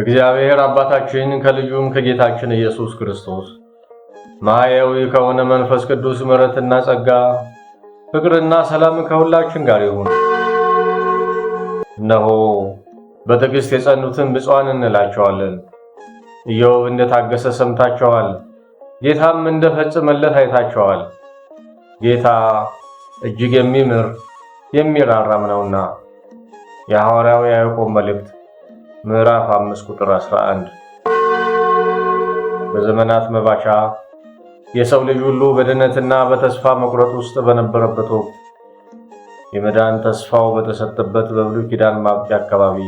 እግዚአብሔር አባታችን ከልጁም ከጌታችን ኢየሱስ ክርስቶስ ማያዊ ከሆነ መንፈስ ቅዱስ ምሕረትና ጸጋ ፍቅርና ሰላም ከሁላችን ጋር ይሁን። እነሆ በትዕግሥት የጸኑትን ብፁዓን እንላቸዋለን። ኢዮብ እንደታገሰ ሰምታቸዋል። ጌታም እንደፈጸመለት አይታቸዋል። ጌታ እጅግ የሚምር የሚራራም ነውና። የሐዋርያው ያዕቆብ መልእክት ምዕራፍ 5 ቁጥር 11። በዘመናት መባቻ የሰው ልጅ ሁሉ በድነትና በተስፋ መቁረጥ ውስጥ በነበረበት ወቅት የመዳን ተስፋው በተሰጠበት በብሉይ ኪዳን ማብቂያ አካባቢ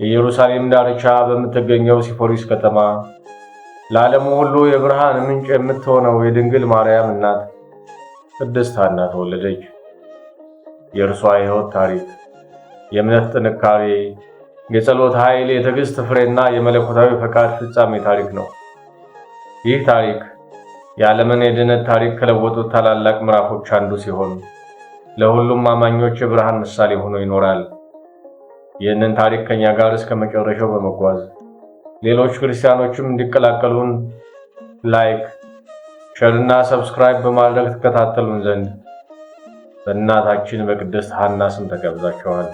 የኢየሩሳሌም ዳርቻ በምትገኘው ሲፎሪስ ከተማ ለዓለሙ ሁሉ የብርሃን ምንጭ የምትሆነው የድንግል ማርያም እናት ቅድስት ሐና ተወለደች። የእርሷ የሕይወት ታሪክ፣ የእምነት ጥንካሬ፣ የጸሎት ኃይል፣ የትዕግሥት ፍሬና የመለኮታዊ ፈቃድ ፍጻሜ ታሪክ ነው። ይህ ታሪክ የዓለምን የድነት ታሪክ ከለወጡት ታላላቅ ምዕራፎች አንዱ ሲሆን ለሁሉም አማኞች የብርሃን ምሳሌ ሆኖ ይኖራል። ይህንን ታሪክ ከእኛ ጋር እስከ መጨረሻው በመጓዝ ሌሎች ክርስቲያኖችም እንዲቀላቀሉን ላይክ እና ሰብስክራይብ በማድረግ ትከታተሉን ዘንድ በእናታችን በቅድስት ሐና ስም ተጋብዛችኋል።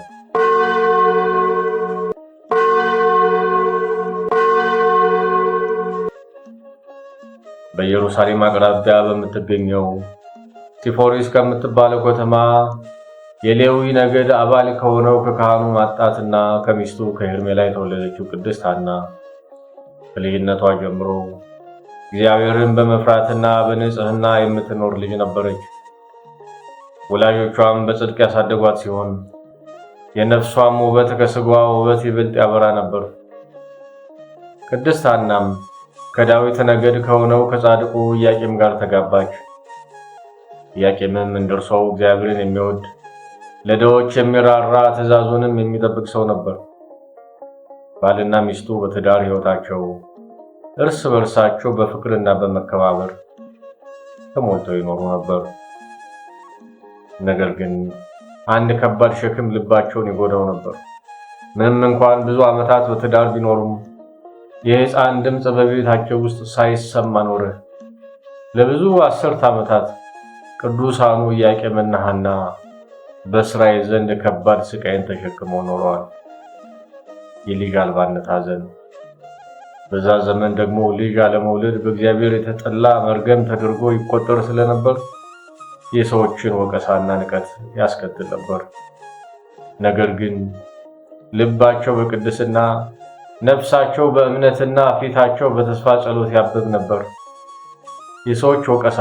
በኢየሩሳሌም አቅራቢያ በምትገኘው ቲፎሪስ ከምትባለው ከተማ የሌዊ ነገድ አባል ከሆነው ከካህኑ ማጣትና ከሚስቱ ከሄርሜላ የተወለደችው ቅድስት ሐና ከልጅነቷ ጀምሮ እግዚአብሔርን በመፍራትና በንጽህና የምትኖር ልጅ ነበረች። ወላጆቿም በጽድቅ ያሳደጓት ሲሆን የነፍሷም ውበት ከስጋዋ ውበት ይበልጥ ያበራ ነበር። ቅድስት ሐናም ከዳዊት ነገድ ከሆነው ከጻድቁ ኢያቄም ጋር ተጋባች። ኢያቄምም እንደርሷው እግዚአብሔርን የሚወድ ለደዎች የሚራራ ትእዛዙንም የሚጠብቅ ሰው ነበር። ባልና ሚስቱ በትዳር ሕይወታቸው እርስ በርሳቸው በፍቅርና በመከባበር ተሞልተው ይኖሩ ነበር። ነገር ግን አንድ ከባድ ሸክም ልባቸውን ይጎዳው ነበር። ምንም እንኳን ብዙ ዓመታት በትዳር ቢኖሩም የሕፃን ድምፅ በቤታቸው ውስጥ ሳይሰማ ኖረ። ለብዙ አስርት ዓመታት ቅዱሳኑ ኢያቄምና ሐና በእስራኤል ዘንድ ከባድ ስቃይን ተሸክመው ኖረዋል። የልጅ አልባነት ሐዘን በዛ ዘመን ደግሞ ልጅ አለመውለድ በእግዚአብሔር የተጠላ መርገም ተደርጎ ይቆጠር ስለነበር የሰዎችን ወቀሳና ንቀት ያስከትል ነበር። ነገር ግን ልባቸው በቅድስና ነፍሳቸው በእምነትና ፊታቸው በተስፋ ጸሎት ያብብ ነበር። የሰዎች ወቀሳ፣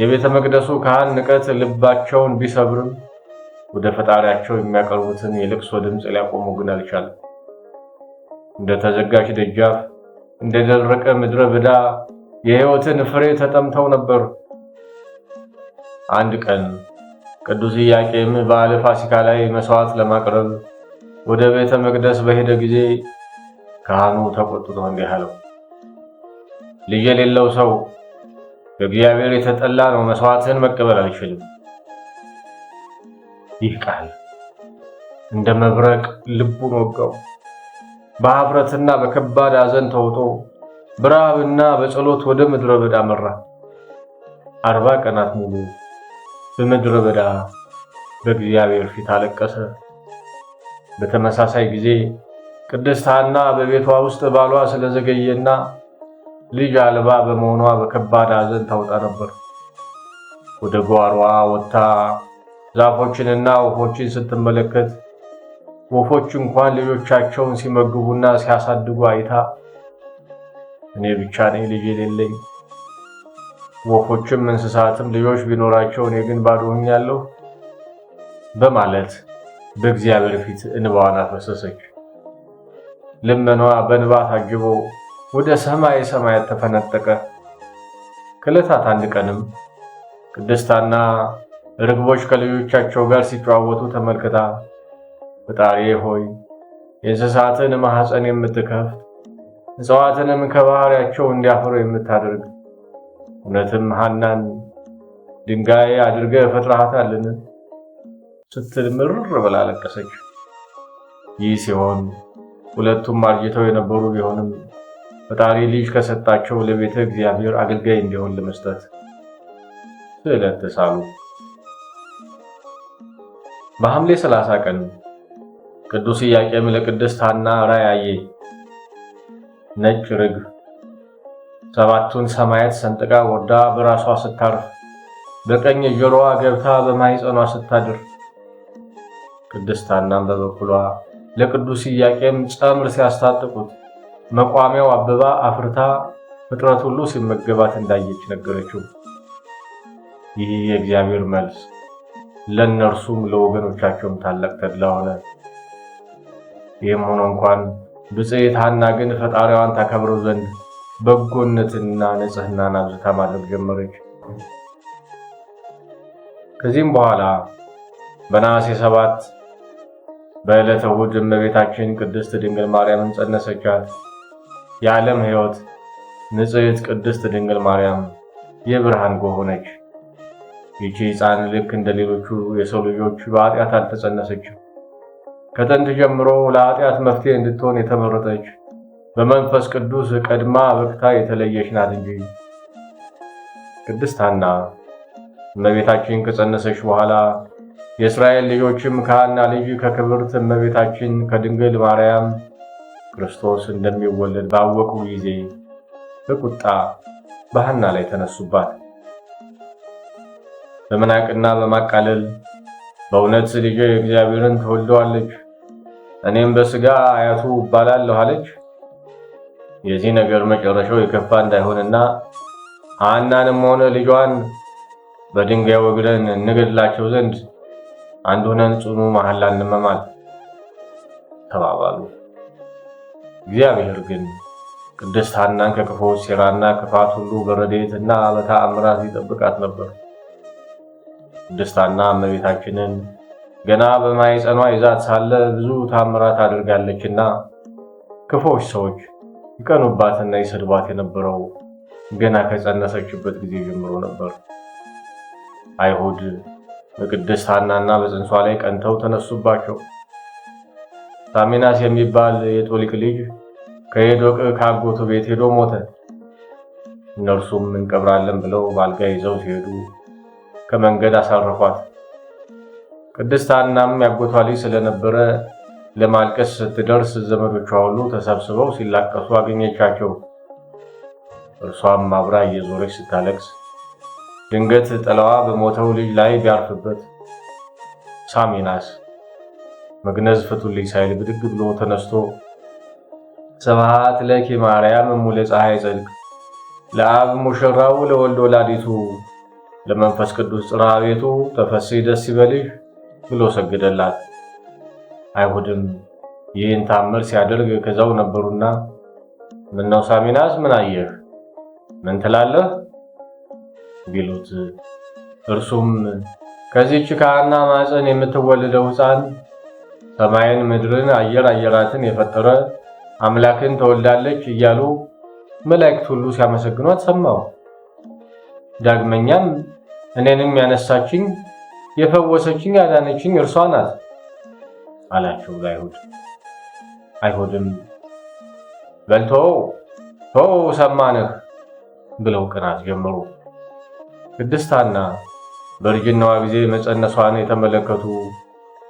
የቤተ መቅደሱ ካህን ንቀት ልባቸውን ቢሰብርም ወደ ፈጣሪያቸው የሚያቀርቡትን የልቅሶ ድምፅ ሊያቆሙ ግን አልቻለም። እንደ ተዘጋች ደጃፍ፣ እንደ ደረቀ ምድረ በዳ የሕይወትን ፍሬ ተጠምተው ነበር። አንድ ቀን ቅዱስ ኢያቄም በዓለ ፋሲካ ላይ መሥዋዕት ለማቅረብ ወደ ቤተ መቅደስ በሄደ ጊዜ ካህኑ ተቆጥቶ እንዲህ አለው፣ ልጅ የሌለው ሰው በእግዚአብሔር የተጠላ ነው፣ መስዋዕትን መቀበል አልችልም። ይህ ቃል እንደ መብረቅ ልቡን ወጋው። በኀፍረትና በከባድ ሐዘን ተውጦ በረሃብና በጸሎት ወደ ምድረ በዳ መራ። አርባ ቀናት ሙሉ በምድረ በዳ በእግዚአብሔር ፊት አለቀሰ። በተመሳሳይ ጊዜ ቅድስት ሐና በቤቷ ውስጥ ባሏ ስለዘገየና ልጅ አልባ በመሆኗ በከባድ ሐዘን ታውጣ ነበር። ወደ ጓሯ ወጥታ ዛፎችንና ወፎችን ስትመለከት ወፎች እንኳን ልጆቻቸውን ሲመግቡና ሲያሳድጉ አይታ እኔ ብቻ ነኝ ልጅ የሌለኝ፣ ወፎችም እንስሳትም ልጆች ቢኖራቸው እኔ ግን ባዶ ሆኛለሁ በማለት በእግዚአብሔር ፊት እንባዋን አፈሰሰች። ልመኗ በእንባ ታጅቦ ወደ ሰማይ ሰማያት ተፈነጠቀ። ከዕለታት አንድ ቀንም ቅድስታና ርግቦች ከልጆቻቸው ጋር ሲጨዋወቱ ተመልክታ ፈጣሪ ሆይ የእንስሳትን ማኅፀን የምትከፍት እጽዋትንም ከባህሪያቸው እንዲያፈሩ የምታደርግ እውነትም ሐናን ድንጋይ አድርገ ፈጥረሃታልን ስትል ምርር ብላ አለቀሰች። ይህ ሲሆን ሁለቱም አርጅተው የነበሩ ቢሆንም ፈጣሪ ልጅ ከሰጣቸው ለቤተ እግዚአብሔር አገልጋይ እንዲሆን ለመስጠት ስዕለት ተሳሉ። በሐምሌ 30 ቀን ቅዱስ ኢያቄም ለቅድስት ሐና ራእይ አየ። ነጭ ርግብ ሰባቱን ሰማያት ሰንጥቃ ወርዳ በራሷ ስታርፍ በቀኝ ጆሮዋ ገብታ በማኅፀኗ ስታድር ቅድስት ሐናም በበኩሏ ለቅዱስ ኢያቄም ጸምር ሲያስታጥቁት መቋሚያው አበባ አፍርታ ፍጥረት ሁሉ ሲመገባት እንዳየች ነገረችው። ይህ የእግዚአብሔር መልስ ለእነርሱም ለወገኖቻቸውም ታላቅ ተድላ ሆነ። ይህም ሆኖ እንኳን ብፅዕት ሐና ግን ፈጣሪዋን ታከብረው ዘንድ በጎነትና ንጽህናን አብዝታ ማድረግ ጀመረች። ከዚህም በኋላ በነሐሴ ሰባት በዕለተ እሑድ እመቤታችን ቅድስት ድንግል ማርያምን ጸነሰቻት። የዓለም ሕይወት ንጽሕት ቅድስት ድንግል ማርያም የብርሃን ጎህ ሆነች። ይቺ ሕፃን ልክ እንደ ሌሎቹ የሰው ልጆች በኃጢአት አልተጸነሰችም። ከጥንት ጀምሮ ለኃጢአት መፍትሄ እንድትሆን የተመረጠች በመንፈስ ቅዱስ ቀድማ በቅታ የተለየች ናት እንጂ። ቅድስት ሐና እመቤታችን ከጸነሰች በኋላ የእስራኤል ልጆችም ከሐና ልጅ ከክብርት እመቤታችን ከድንግል ማርያም ክርስቶስ እንደሚወለድ ባወቁ ጊዜ በቁጣ በሐና ላይ ተነሱባት። በመናቅና በማቃለል በእውነት ልጄ እግዚአብሔርን ትወልደዋለች እኔም በስጋ አያቱ እባላለሁ አለች። የዚህ ነገር መጨረሻው የከፋ እንዳይሆንና ሐናንም ሆነ ልጇን በድንጋይ ወግረን እንገድላቸው ዘንድ አንድ ሆነን ጽኑ መሐላ እንመማል ተባባሉ። እግዚአብሔር ግን ቅድስት ሐናን ከክፉ ሴራና ክፋት ሁሉ በረድኤትና በተአምራት ይጠብቃት ነበር። ቅድስት ሐና እመቤታችንን ገና በማይጸኗ ይዛት ሳለ ብዙ ታምራት አድርጋለችና ክፎች ሰዎች ይቀኑባትና ይሰድባት የነበረው ገና ከጸነሰችበት ጊዜ ጀምሮ ነበር። አይሁድ በቅድስት ሐናና በጽንሷ ላይ ቀንተው ተነሱባቸው። ሳሚናስ የሚባል የጦሊቅ ልጅ ከሄዶቅ ከአጎቱ ቤት ሄዶ ሞተ። እነርሱም እንቀብራለን ብለው ባልጋ ይዘው ሲሄዱ ከመንገድ አሳረፏት። ቅድስት ሐናም ያጎቷ ልጅ ስለነበረ ለማልቀስ ስትደርስ ዘመዶቿ ሁሉ ተሰብስበው ሲላቀሱ አገኘቻቸው። እርሷም አብራ እየዞረች ስታለቅስ ድንገት ጥላዋ በሞተው ልጅ ላይ ቢያርፍበት ሳሚናስ መግነዝ ፍቱልኝ ሳይል ብድግ ብሎ ተነስቶ ስብሐት ለኪ ማርያም እሙ ፀሐይ ጽድቅ ለአብ ሙሽራው ለወልድ ወላዲቱ ለመንፈስ ቅዱስ ጽርሐ ቤቱ ተፈሥሒ ደስ ይበልሽ ብሎ ሰግደላት አይሁድም ይህን ታምር ሲያደርግ ከዛው ነበሩና ምነው ሳሚናስ ምን አየህ? ምን ትላለህ? ቢሉት እርሱም ከዚህች ከሐና ማፀን የምትወልደው ሕፃን ሰማይን ምድርን አየር አየራትን የፈጠረ አምላክን ተወልዳለች እያሉ መላእክት ሁሉ ሲያመሰግኗት ሰማሁ። ዳግመኛም እኔንም ያነሳችኝ የፈወሰችኝ ያዳነችኝ እርሷ ናት አላቸው ለአይሁድ። አይሁድም በልቶ ቶ ሰማንህ ብለው ቅናት ጀመሩ። ቅድስታና በእርጅናዋ ጊዜ መፀነሷን የተመለከቱ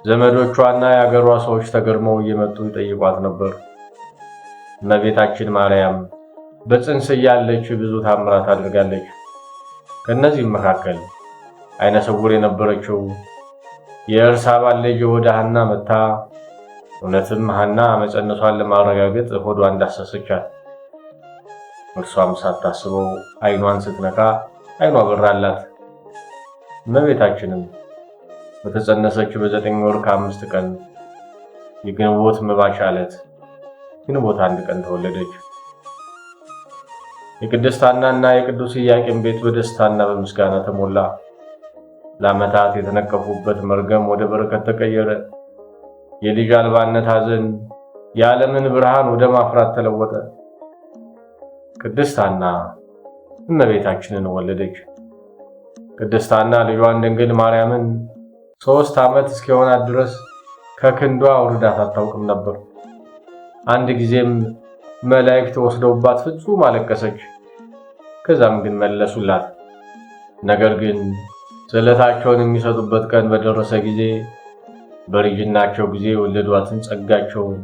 ዘመዶቿና የአገሯ ሰዎች ተገርመው እየመጡ ይጠይቋት ነበር። እመቤታችን ማርያም በፅንስ እያለች ብዙ ታምራት አድርጋለች። ከእነዚህም መካከል አይነ ስውር የነበረችው የኤልሳባን ልጅ ወደ ሀና መታ። እውነትም ሀና መጸነሷን ለማረጋገጥ ሆዷ እንዳሰሰቻት፣ እርሷም ሳታስበው አይኗን ስትነካ አይኗ በራላት። እመቤታችንም በተጸነሰች በዘጠኝ ወር ከአምስት ቀን የግንቦት መባሻ ዕለት ግንቦት አንድ ቀን ተወለደች። የቅድስት ሐናና የቅዱስ ኢያቄም ቤት በደስታና በምስጋና ተሞላ። ለዓመታት የተነቀፉበት መርገም ወደ በረከት ተቀየረ። የልጅ አልባነት ሐዘን የዓለምን ብርሃን ወደ ማፍራት ተለወጠ። ቅድስት ሐና እመቤታችንን ወለደች። ቅድስት ሐና ልጇን ድንግል ማርያምን ሦስት ዓመት እስኪሆናት ድረስ ከክንዷ አውርዳት አታውቅም ነበር። አንድ ጊዜም መላእክት ወስደውባት ፍጹም አለቀሰች። ከዛም ግን መለሱላት። ነገር ግን ስዕለታቸውን የሚሰጡበት ቀን በደረሰ ጊዜ በልጅናቸው ጊዜ የወለዷትን ጸጋቸውን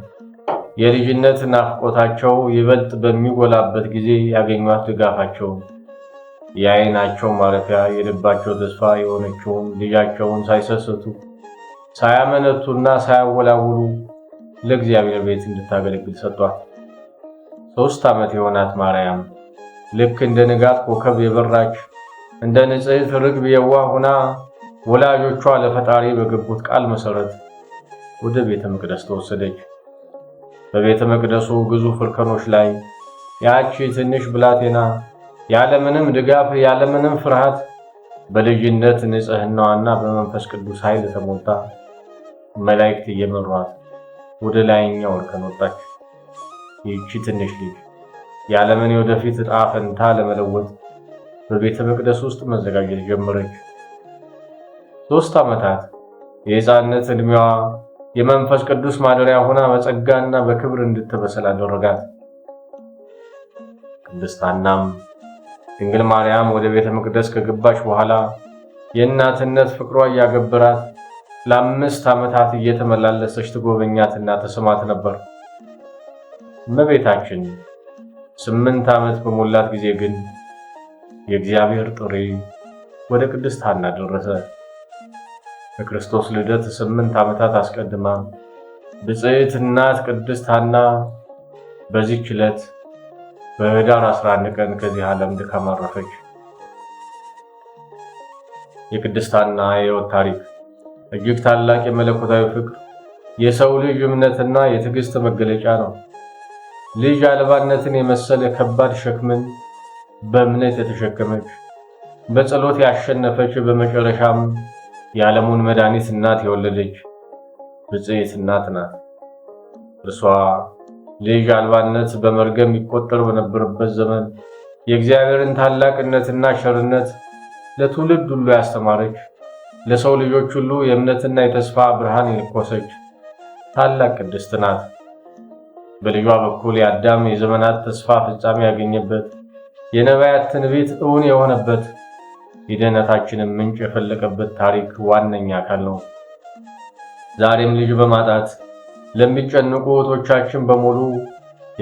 የልጅነት ናፍቆታቸው ይበልጥ በሚጎላበት ጊዜ ያገኟት ድጋፋቸውን የዓይናቸው ማረፊያ የልባቸው ተስፋ የሆነችውን ልጃቸውን ሳይሰስቱ ሳያመነቱና ሳያወላውሉ ለእግዚአብሔር ቤት እንድታገለግል ሰጧት። ሦስት ዓመት የሆናት ማርያም ልክ እንደ ንጋት ኮከብ የበራች እንደ ንጽሕት ርግብ የዋህ ሁና ወላጆቿ ለፈጣሪ በገቡት ቃል መሠረት ወደ ቤተ መቅደስ ተወሰደች። በቤተ መቅደሱ ግዙፍ እርከኖች ላይ ያቺ ትንሽ ብላቴና ያለምንም ድጋፍ ያለምንም ፍርሃት በልጅነት ንጽሕናዋና በመንፈስ ቅዱስ ኃይል ተሞልታ መላእክት እየመሯት ወደ ላይኛው እርከን ወጣች። ይቺ ትንሽ ልጅ ያለምን የወደፊት ዕጣ ፈንታ ለመለወጥ በቤተ መቅደስ ውስጥ መዘጋጀት ጀመረች። ሦስት ዓመታት የሕፃንነት ዕድሜዋ የመንፈስ ቅዱስ ማደሪያ ሆና በጸጋና በክብር እንድትበሰል አደረጋት። ቅድስት ሐናም ድንግል ማርያም ወደ ቤተ መቅደስ ከገባች በኋላ የእናትነት ፍቅሯ እያገበራት ለአምስት ዓመታት እየተመላለሰች ትጎበኛትና ተስማት ነበር። እመቤታችን ስምንት ዓመት በሞላት ጊዜ ግን የእግዚአብሔር ጥሪ ወደ ቅድስት ሐና ደረሰ። ከክርስቶስ ልደት ስምንት ዓመታት አስቀድማ ብጽዕት እናት ቅድስት ሐና በዚህች ዕለት በኅዳር 11 ቀን ከዚህ ዓለም ድካም አረፈች። የቅድስት ሐና የሕይወት ታሪክ እጅግ ታላቅ የመለኮታዊ ፍቅር፣ የሰው ልጅ እምነትና የትዕግሥት መገለጫ ነው። ልጅ አልባነትን የመሰለ ከባድ ሸክምን በእምነት የተሸከመች በጸሎት ያሸነፈች በመጨረሻም የዓለሙን መድኃኒት እናት የወለደች ብፅዕት እናት ናት። እርሷ ልጅ አልባነት በመርገም ይቆጠር በነበረበት ዘመን የእግዚአብሔርን ታላቅነትና ሸርነት ለትውልድ ሁሉ ያስተማረች፣ ለሰው ልጆች ሁሉ የእምነትና የተስፋ ብርሃን የለኮሰች ታላቅ ቅድስት ናት። በልጇ በኩል የአዳም የዘመናት ተስፋ ፍጻሜ ያገኘበት የነቢያት ትንቢት እውን የሆነበት የድኅነታችንም ምንጭ የፈለቀበት ታሪክ ዋነኛ አካል ነው። ዛሬም ልጅ በማጣት ለሚጨንቁ እህቶቻችን በሙሉ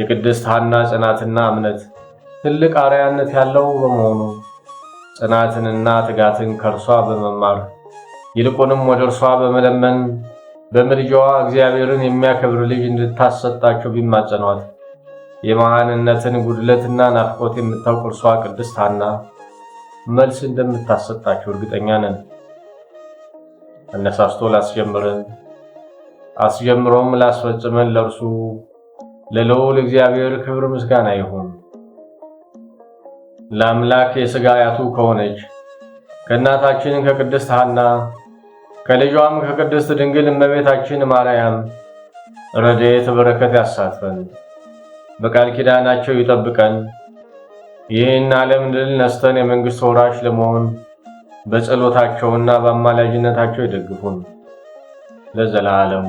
የቅድስት ሐና ጽናትና እምነት ትልቅ አርያነት ያለው በመሆኑ ጽናትንና ትጋትን ከእርሷ በመማር ይልቁንም ወደ እርሷ በመለመን በምልጃዋ እግዚአብሔርን የሚያከብር ልጅ እንድታሰጣቸው ቢማጸኗት የመሃንነትን ጉድለትና ናፍቆት የምታውቅ እርሷ ቅድስት ሐና መልስ እንደምታሰጣችሁ እርግጠኛ ነን። አነሳስቶ ላስጀምርን አስጀምሮም ላስፈጽመን ለእርሱ ለልዑል እግዚአብሔር ክብር ምስጋና ይሁን። ለአምላክ የሥጋ አያቱ ከሆነች ከእናታችን ከቅድስት ሐና ከልጇም ከቅድስት ድንግል እመቤታችን ማርያም ረድኤት በረከት ያሳትፈን። በቃል ኪዳናቸው ይጠብቀን። ይህን ዓለም ድል ነስተን የመንግሥት ወራሽ ለመሆን በጸሎታቸውና በአማላጅነታቸው ይደግፉን ለዘላለሙ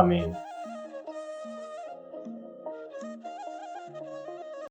አሜን።